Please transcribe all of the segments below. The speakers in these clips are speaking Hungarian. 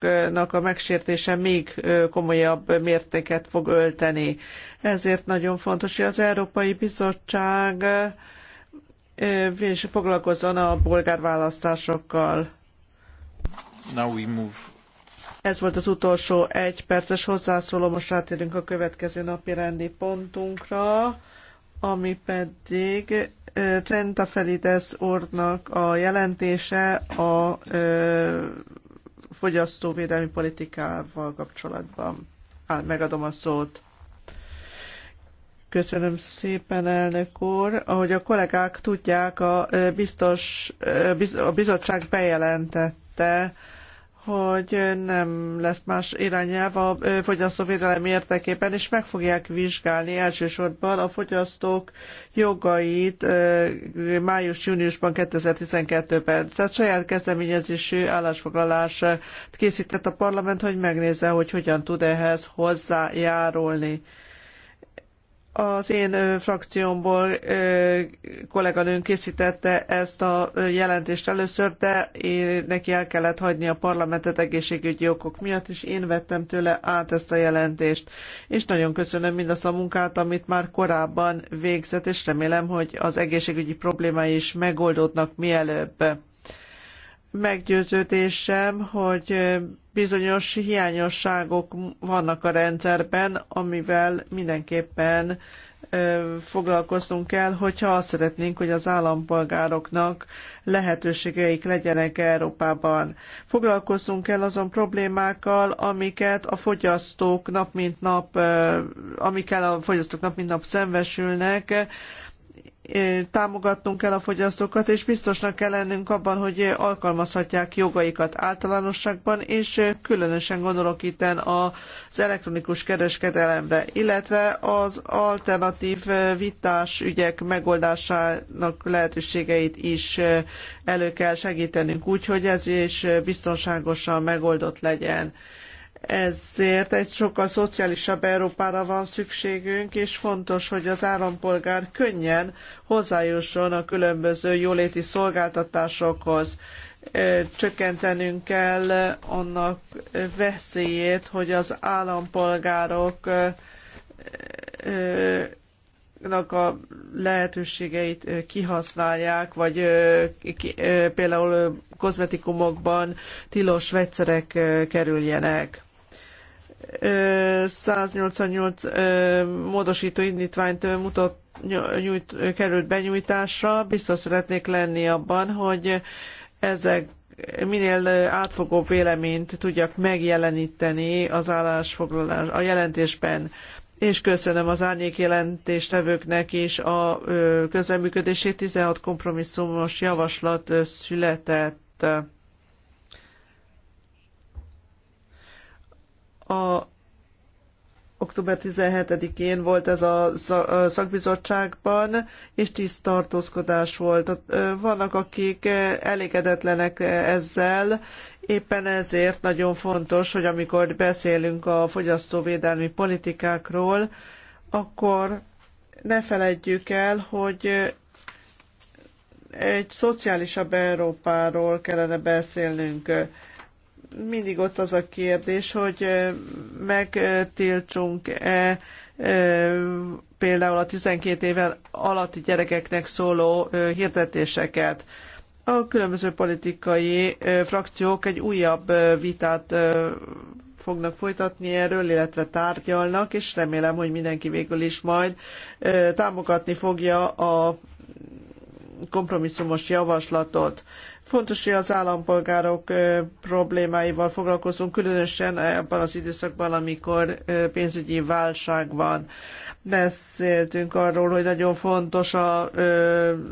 jogoknak a megsértése még komolyabb mértéket fog ölteni. Ezért nagyon fontos, hogy az Európai Bizottság is foglalkozzon a bolgár választásokkal. Ez volt az utolsó egy perces hozzászóló, most rátérünk a következő napi rendi pontunkra, ami pedig Trenta Felides úrnak a jelentése a fogyasztóvédelmi politikával kapcsolatban. Hát megadom a szót. Köszönöm szépen, elnök úr. Ahogy a kollégák tudják, a, biztos, a bizottság bejelentette, hogy nem lesz más irányelv a fogyasztóvédelem érdekében, és meg fogják vizsgálni elsősorban a fogyasztók jogait május-júniusban 2012-ben. Tehát saját kezdeményezésű állásfoglalás készített a parlament, hogy megnézze, hogy hogyan tud ehhez hozzájárulni. Az én frakciómból kolléganőnk készítette ezt a jelentést először, de én, neki el kellett hagyni a parlamentet egészségügyi okok miatt, és én vettem tőle át ezt a jelentést. És nagyon köszönöm mindazt a munkát, amit már korábban végzett, és remélem, hogy az egészségügyi problémái is megoldódnak mielőbb. Meggyőződésem, hogy bizonyos hiányosságok vannak a rendszerben, amivel mindenképpen foglalkoznunk kell, hogyha azt szeretnénk, hogy az állampolgároknak lehetőségeik legyenek Európában. Foglalkozzunk kell azon problémákkal, amiket a fogyasztók nap mint nap, amikkel a fogyasztók nap mint nap szembesülnek, támogatnunk kell a fogyasztókat, és biztosnak kell lennünk abban, hogy alkalmazhatják jogaikat általánosságban, és különösen gondolok itten az elektronikus kereskedelemre, illetve az alternatív vitás ügyek megoldásának lehetőségeit is elő kell segítenünk úgy, hogy ez is biztonságosan megoldott legyen. Ezért egy sokkal szociálisabb Európára van szükségünk, és fontos, hogy az állampolgár könnyen hozzájusson a különböző jóléti szolgáltatásokhoz. Csökkentenünk kell annak veszélyét, hogy az állampolgároknak a lehetőségeit kihasználják, vagy például kozmetikumokban tilos vegyszerek kerüljenek. 188 módosító indítványt mutat, nyújt, került benyújtásra. Biztos szeretnék lenni abban, hogy ezek minél átfogóbb véleményt tudjak megjeleníteni az állásfoglalás a jelentésben. És köszönöm az árnyék jelentéstevőknek is a közreműködését. 16 kompromisszumos javaslat született. A október 17-én volt ez a szakbizottságban, és tíz tartózkodás volt. Vannak, akik elégedetlenek ezzel, éppen ezért nagyon fontos, hogy amikor beszélünk a fogyasztóvédelmi politikákról, akkor ne feledjük el, hogy egy szociálisabb Európáról kellene beszélnünk mindig ott az a kérdés, hogy megtiltsunk-e például a 12 éven alatti gyerekeknek szóló hirdetéseket. A különböző politikai frakciók egy újabb vitát fognak folytatni erről, illetve tárgyalnak, és remélem, hogy mindenki végül is majd támogatni fogja a kompromisszumos javaslatot. Fontos, hogy az állampolgárok problémáival foglalkozunk, különösen abban az időszakban, amikor pénzügyi válság van. Beszéltünk arról, hogy nagyon fontos a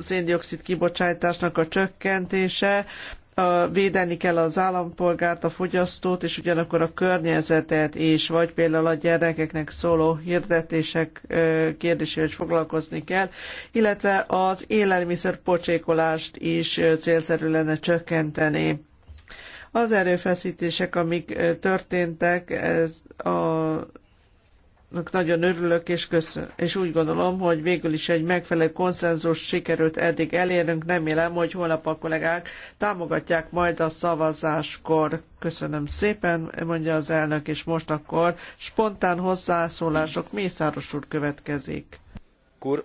széndiokszid kibocsátásnak a csökkentése, védeni kell az állampolgárt, a fogyasztót, és ugyanakkor a környezetet is, vagy például a gyerekeknek szóló hirdetések kérdésével is foglalkozni kell, illetve az élelmiszer pocsékolást is célszerű lenne csökkenteni. Az erőfeszítések, amik történtek, ez a nagyon örülök, és, köszön, és úgy gondolom, hogy végül is egy megfelelő konszenzus sikerült eddig elérnünk. Remélem, hogy holnap a kollégák támogatják majd a szavazáskor. Köszönöm szépen, mondja az elnök, és most akkor spontán hozzászólások. Mészáros úr következik. Kur,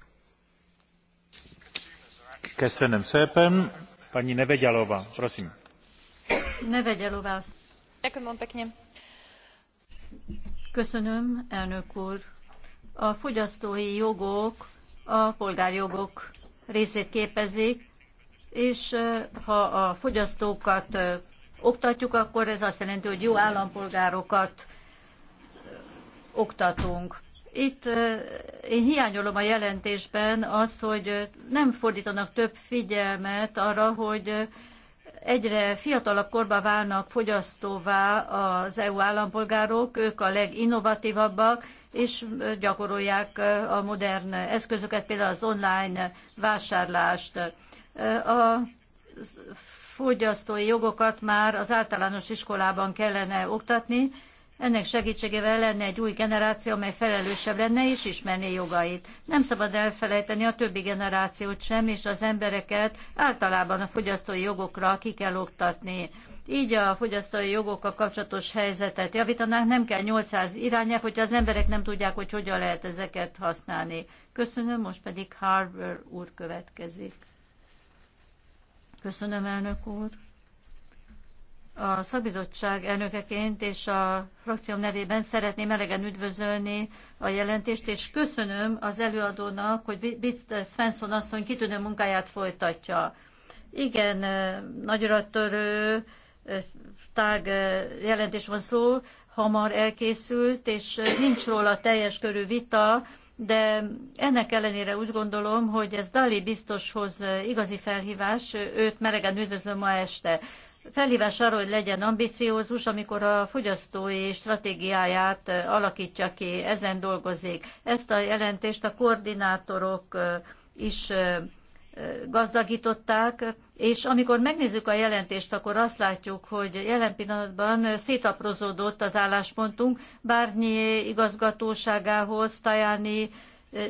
Köszönöm Köszönöm, elnök úr. A fogyasztói jogok a polgárjogok részét képezik, és ha a fogyasztókat oktatjuk, akkor ez azt jelenti, hogy jó állampolgárokat oktatunk. Itt én hiányolom a jelentésben azt, hogy nem fordítanak több figyelmet arra, hogy egyre fiatalabb korba válnak fogyasztóvá az EU állampolgárok, ők a leginnovatívabbak, és gyakorolják a modern eszközöket, például az online vásárlást. A fogyasztói jogokat már az általános iskolában kellene oktatni, ennek segítségével lenne egy új generáció, amely felelősebb lenne és ismerné jogait. Nem szabad elfelejteni a többi generációt sem, és az embereket általában a fogyasztói jogokra ki kell oktatni. Így a fogyasztói jogokkal kapcsolatos helyzetet javítanánk, nem kell 800 irányelv, hogyha az emberek nem tudják, hogy hogyan lehet ezeket használni. Köszönöm, most pedig Harbour úr következik. Köszönöm, elnök úr a szakbizottság elnökeként és a frakcióm nevében szeretném melegen üdvözölni a jelentést, és köszönöm az előadónak, hogy Bitt Svensson asszony kitűnő munkáját folytatja. Igen, nagyra törő, tág jelentés van szó, hamar elkészült, és nincs róla teljes körű vita, de ennek ellenére úgy gondolom, hogy ez Dali biztoshoz igazi felhívás, őt melegen üdvözlöm ma este felhívás arra, hogy legyen ambiciózus, amikor a fogyasztói stratégiáját alakítja ki, ezen dolgozik. Ezt a jelentést a koordinátorok is gazdagították, és amikor megnézzük a jelentést, akkor azt látjuk, hogy jelen pillanatban szétaprozódott az álláspontunk Bárnyi igazgatóságához, Tajáni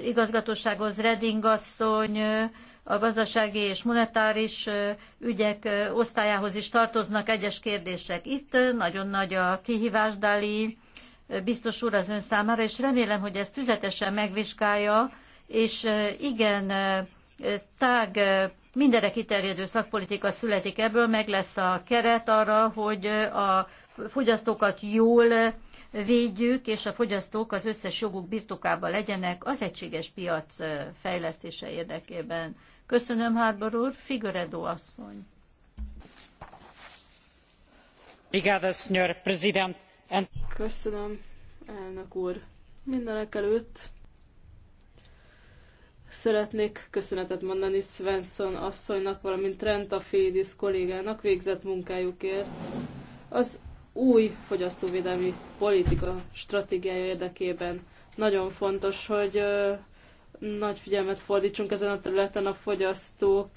igazgatósághoz, Redingasszony, asszony, a gazdasági és monetáris ügyek osztályához is tartoznak egyes kérdések. Itt nagyon nagy a kihívás, Dali biztos úr az ön számára, és remélem, hogy ezt tüzetesen megvizsgálja, és igen, tág mindenre kiterjedő szakpolitika születik ebből, meg lesz a keret arra, hogy a fogyasztókat jól védjük, és a fogyasztók az összes joguk birtokában legyenek az egységes piac fejlesztése érdekében. Köszönöm, Harbor úr. Figueredo asszony. Köszönöm, elnök úr. Mindenek előtt Szeretnék köszönetet mondani Svensson asszonynak, valamint Trent Fédis kollégának végzett munkájukért. Az új fogyasztóvédelmi politika stratégiája érdekében. Nagyon fontos, hogy nagy figyelmet fordítsunk ezen a területen a fogyasztók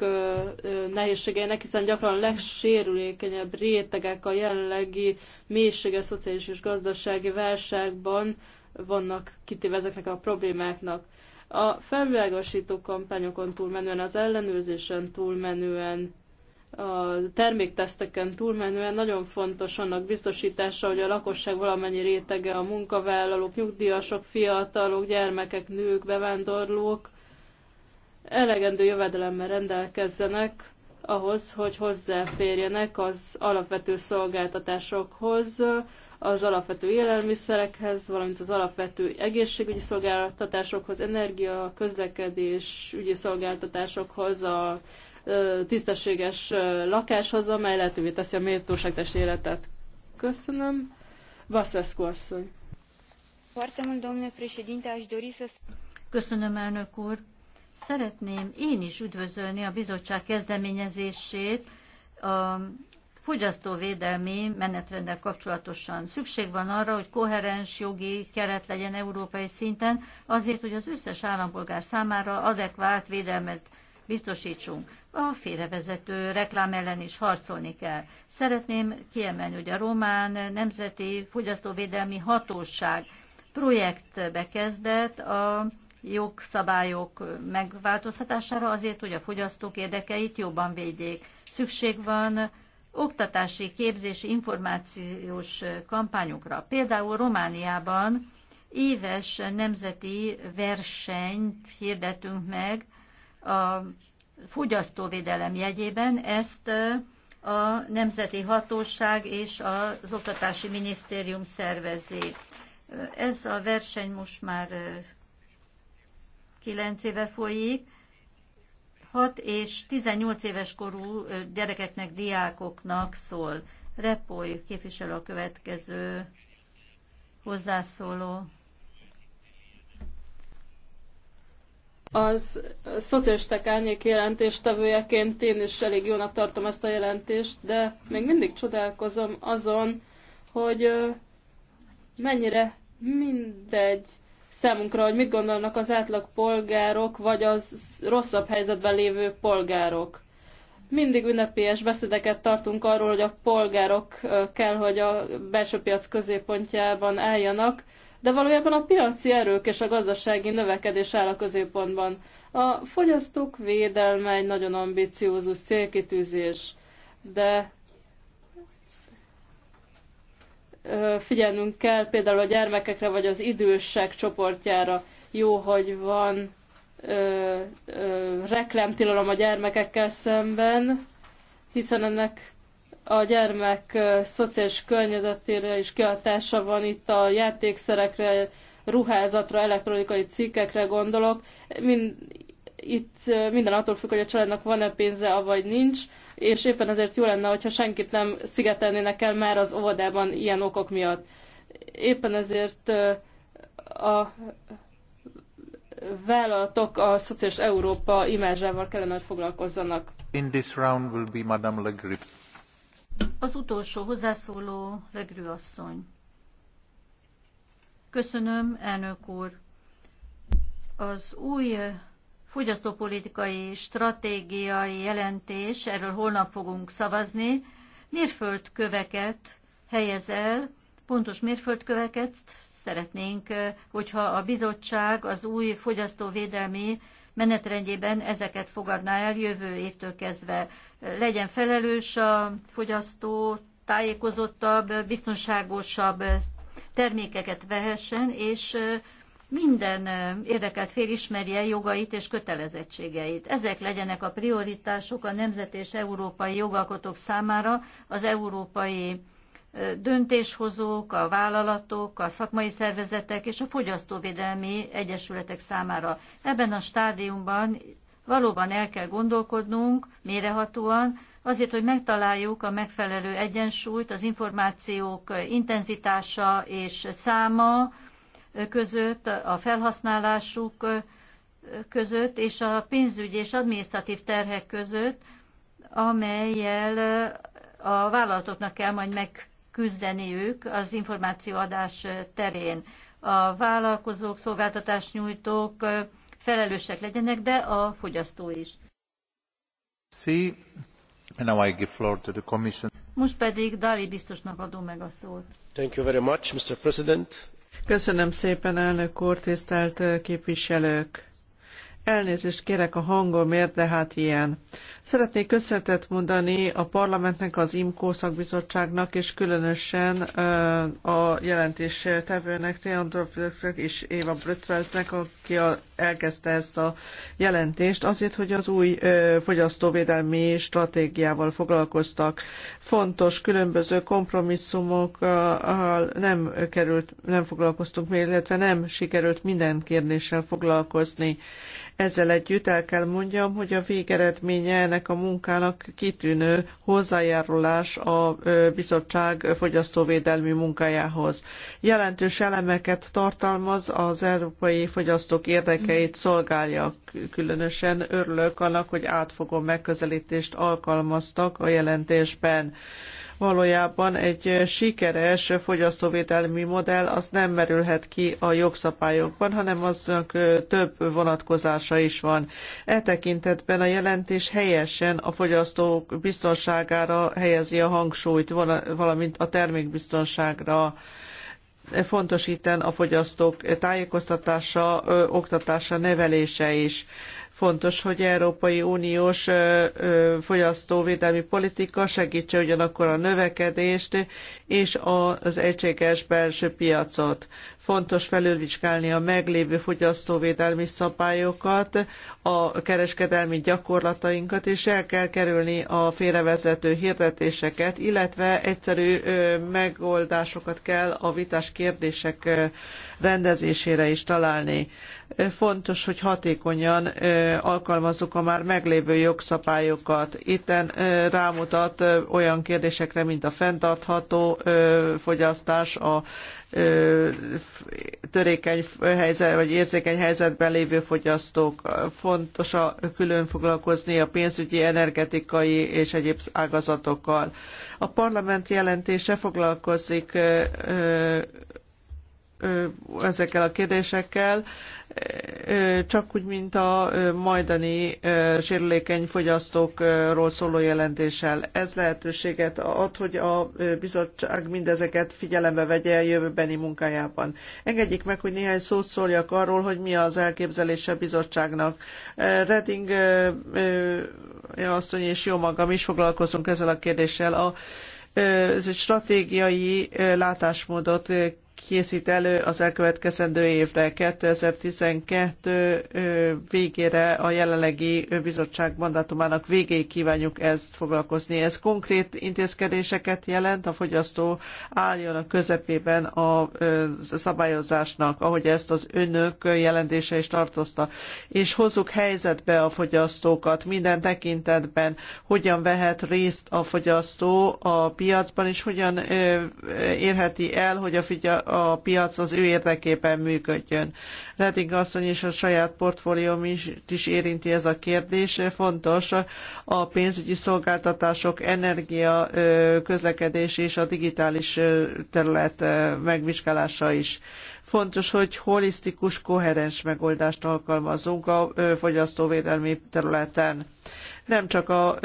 nehézségeinek, hiszen gyakran a legsérülékenyebb rétegek a jelenlegi mélysége szociális és gazdasági válságban vannak kitéve ezeknek a problémáknak. A felvilágosító kampányokon túlmenően, az ellenőrzésen túlmenően a termékteszteken túlmenően nagyon fontos annak biztosítása, hogy a lakosság valamennyi rétege, a munkavállalók, nyugdíjasok, fiatalok, gyermekek, nők, bevándorlók elegendő jövedelemmel rendelkezzenek ahhoz, hogy hozzáférjenek az alapvető szolgáltatásokhoz, az alapvető élelmiszerekhez, valamint az alapvető egészségügyi szolgáltatásokhoz, energia, közlekedés ügyi szolgáltatásokhoz, a tisztességes lakáshoz, amely lehetővé teszi a méltóságtes életet. Köszönöm. Vaszeszko asszony. Köszönöm, elnök úr. Szeretném én is üdvözölni a bizottság kezdeményezését a fogyasztóvédelmi menetrendel kapcsolatosan. Szükség van arra, hogy koherens jogi keret legyen európai szinten, azért, hogy az összes állampolgár számára adekvát védelmet biztosítsunk. A félrevezető reklám ellen is harcolni kell. Szeretném kiemelni, hogy a Román Nemzeti Fogyasztóvédelmi Hatóság projektbe kezdett a jogszabályok megváltoztatására azért, hogy a fogyasztók érdekeit jobban védjék. Szükség van oktatási, képzési, információs kampányokra. Például Romániában éves nemzeti versenyt hirdetünk meg a fogyasztóvédelem jegyében ezt a Nemzeti Hatóság és az Oktatási Minisztérium szervezi. Ez a verseny most már kilenc éve folyik. 6 és 18 éves korú gyerekeknek, diákoknak szól. Repoly képviselő a következő hozzászóló. Az szocialisták árnyék jelentéstevőjeként én is elég jónak tartom ezt a jelentést, de még mindig csodálkozom azon, hogy mennyire mindegy számunkra, hogy mit gondolnak az átlag polgárok, vagy az rosszabb helyzetben lévő polgárok. Mindig ünnepélyes beszédeket tartunk arról, hogy a polgárok kell, hogy a belső piac középpontjában álljanak, de valójában a piaci erők és a gazdasági növekedés áll a középpontban. A fogyasztók védelme egy nagyon ambiciózus célkitűzés, de figyelnünk kell például a gyermekekre vagy az idősek csoportjára. Jó, hogy van ö, ö, reklámtilalom a gyermekekkel szemben, hiszen ennek a gyermek szociális környezetére is kihatása van itt a játékszerekre, ruházatra, elektronikai cikkekre gondolok. Mind, itt minden attól függ, hogy a családnak van-e pénze, avagy nincs, és éppen ezért jó lenne, hogyha senkit nem szigetelnének el már az óvodában ilyen okok miatt. Éppen ezért a vállalatok a szociális Európa imázsával kellene, hogy foglalkozzanak. In this round will be Madame Le Grip. Az utolsó hozzászóló Legrő asszony. Köszönöm, elnök úr. Az új fogyasztópolitikai stratégiai jelentés, erről holnap fogunk szavazni, mérföldköveket helyez el, pontos mérföldköveket szeretnénk, hogyha a bizottság az új fogyasztóvédelmi menetrendjében ezeket fogadná el jövő évtől kezdve. Legyen felelős a fogyasztó, tájékozottabb, biztonságosabb termékeket vehessen, és minden érdekelt fél ismerje jogait és kötelezettségeit. Ezek legyenek a prioritások a nemzet és európai jogalkotók számára az európai döntéshozók, a vállalatok, a szakmai szervezetek és a fogyasztóvédelmi egyesületek számára. Ebben a stádiumban valóban el kell gondolkodnunk mérehatóan, azért, hogy megtaláljuk a megfelelő egyensúlyt az információk intenzitása és száma között, a felhasználásuk között és a pénzügyi és adminisztratív terhek között, amelyel a vállalatoknak kell majd meg küzdeniük az információadás terén. A vállalkozók, szolgáltatásnyújtók felelősek legyenek, de a fogyasztó is. Most pedig Dali biztosnak adom meg a szót. Thank you very much, Mr. President. Köszönöm szépen, elnök úr, tisztelt képviselők! Elnézést kérek a hangomért, de hát ilyen. Szeretnék köszönetet mondani a parlamentnek, az IMKO szakbizottságnak, és különösen a jelentés tevőnek, Triandrofilknek és Éva Brötveltnek, aki a, elkezdte ezt a jelentést, azért, hogy az új fogyasztóvédelmi stratégiával foglalkoztak. Fontos különböző uh, nem került, nem foglalkoztunk még, illetve nem sikerült minden kérdéssel foglalkozni. Ezzel együtt el kell mondjam, hogy a végeredménye ennek a munkának kitűnő hozzájárulás a bizottság fogyasztóvédelmi munkájához. Jelentős elemeket tartalmaz, az európai fogyasztók érdekeit szolgálja. Különösen örülök annak, hogy átfogó megközelítést alkalmaztak a jelentésben valójában egy sikeres fogyasztóvédelmi modell az nem merülhet ki a jogszabályokban, hanem aznak több vonatkozása is van. E tekintetben a jelentés helyesen a fogyasztók biztonságára helyezi a hangsúlyt, valamint a termékbiztonságra e fontos itten a fogyasztók tájékoztatása, oktatása, nevelése is fontos, hogy Európai Uniós fogyasztóvédelmi politika segítse ugyanakkor a növekedést és az egységes belső piacot. Fontos felülvizsgálni a meglévő fogyasztóvédelmi szabályokat, a kereskedelmi gyakorlatainkat, és el kell kerülni a félrevezető hirdetéseket, illetve egyszerű megoldásokat kell a vitás kérdések rendezésére is találni. Fontos, hogy hatékonyan alkalmazzuk a már meglévő jogszabályokat. Itten rámutat olyan kérdésekre, mint a fenntartható fogyasztás, a törékeny helyzet, vagy érzékeny helyzetben lévő fogyasztók. Fontos a külön foglalkozni a pénzügyi, energetikai és egyéb ágazatokkal. A parlament jelentése foglalkozik ezekkel a kérdésekkel, csak úgy, mint a majdani sérülékeny fogyasztókról szóló jelentéssel. Ez lehetőséget ad, hogy a bizottság mindezeket figyelembe vegye a jövőbeni munkájában. Engedjék meg, hogy néhány szót szóljak arról, hogy mi az elképzelése a bizottságnak. Reding asszony és jó magam is foglalkozunk ezzel a kérdéssel. A ez egy stratégiai látásmódot készít elő az elkövetkezendő évre. 2012 végére a jelenlegi bizottság mandátumának végéig kívánjuk ezt foglalkozni. Ez konkrét intézkedéseket jelent, a fogyasztó álljon a közepében a szabályozásnak, ahogy ezt az önök jelentése is tartozta. És hozzuk helyzetbe a fogyasztókat minden tekintetben, hogyan vehet részt a fogyasztó a piacban, és hogyan érheti el, hogy a a piac az ő érdekében működjön. Redding asszony és a saját portfólióm is, is érinti ez a kérdés. Fontos a pénzügyi szolgáltatások, energia, közlekedés és a digitális terület megvizsgálása is. Fontos, hogy holisztikus, koherens megoldást alkalmazunk a fogyasztóvédelmi területen nem csak a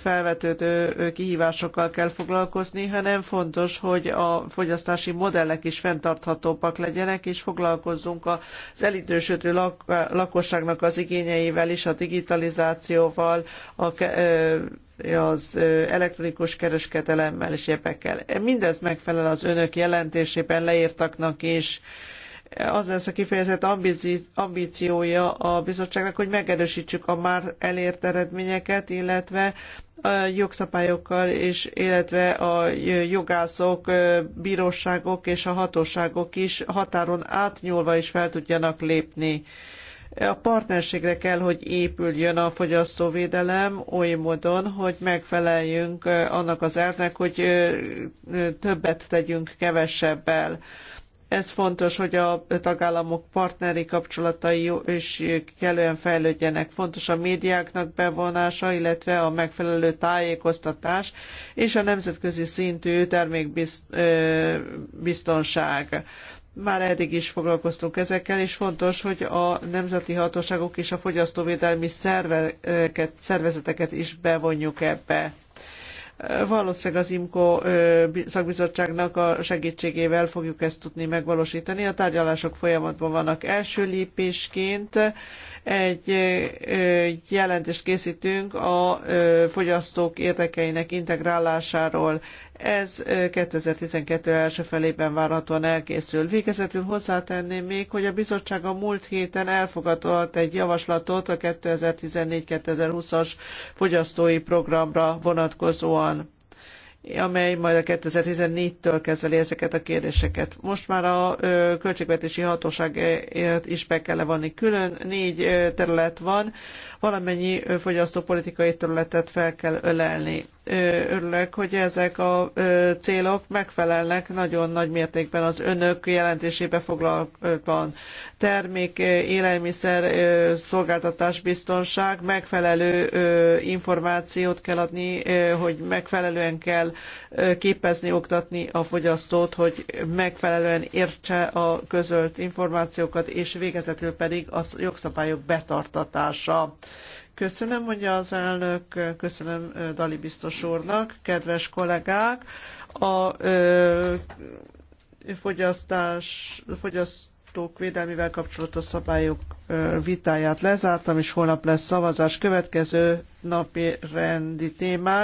felvetődő kihívásokkal kell foglalkozni, hanem fontos, hogy a fogyasztási modellek is fenntarthatóbbak legyenek, és foglalkozzunk az elidősödő lakosságnak az igényeivel is, a digitalizációval, a az elektronikus kereskedelemmel és egyebekkel. Mindez megfelel az önök jelentésében leírtaknak is. És az lesz a kifejezett ambíciója a bizottságnak, hogy megerősítsük a már elért eredményeket, illetve a jogszabályokkal és illetve a jogászok, bíróságok és a hatóságok is határon átnyúlva is fel tudjanak lépni. A partnerségre kell, hogy épüljön a fogyasztóvédelem oly módon, hogy megfeleljünk annak az elvnek, hogy többet tegyünk kevesebbel ez fontos, hogy a tagállamok partneri kapcsolatai is kellően fejlődjenek. Fontos a médiáknak bevonása, illetve a megfelelő tájékoztatás és a nemzetközi szintű termékbiztonság már eddig is foglalkoztunk ezekkel, és fontos, hogy a nemzeti hatóságok és a fogyasztóvédelmi szerveket, szervezeteket is bevonjuk ebbe. Valószínűleg az IMKO szakbizottságnak a segítségével fogjuk ezt tudni megvalósítani. A tárgyalások folyamatban vannak első lépésként egy jelentést készítünk a fogyasztók érdekeinek integrálásáról. Ez 2012 első felében várhatóan elkészül. Végezetül hozzátenném még, hogy a bizottság a múlt héten elfogadott egy javaslatot a 2014-2020-as fogyasztói programra vonatkozóan amely majd a 2014-től kezeli ezeket a kérdéseket. Most már a költségvetési hatóságért is be kell levonni. Külön négy terület van, valamennyi fogyasztópolitikai területet fel kell ölelni. Örülök, hogy ezek a célok megfelelnek nagyon nagy mértékben az önök jelentésébe foglaltban. Termék, élelmiszer, szolgáltatás, biztonság, megfelelő információt kell adni, hogy megfelelően kell képezni, oktatni a fogyasztót, hogy megfelelően értse a közölt információkat, és végezetül pedig a jogszabályok betartatása. Köszönöm, mondja az elnök, köszönöm Dali biztos úrnak, kedves kollégák. A fogyasztás, fogyasztók védelmével kapcsolatos szabályok vitáját lezártam, és holnap lesz szavazás. Következő napi rendi témánk.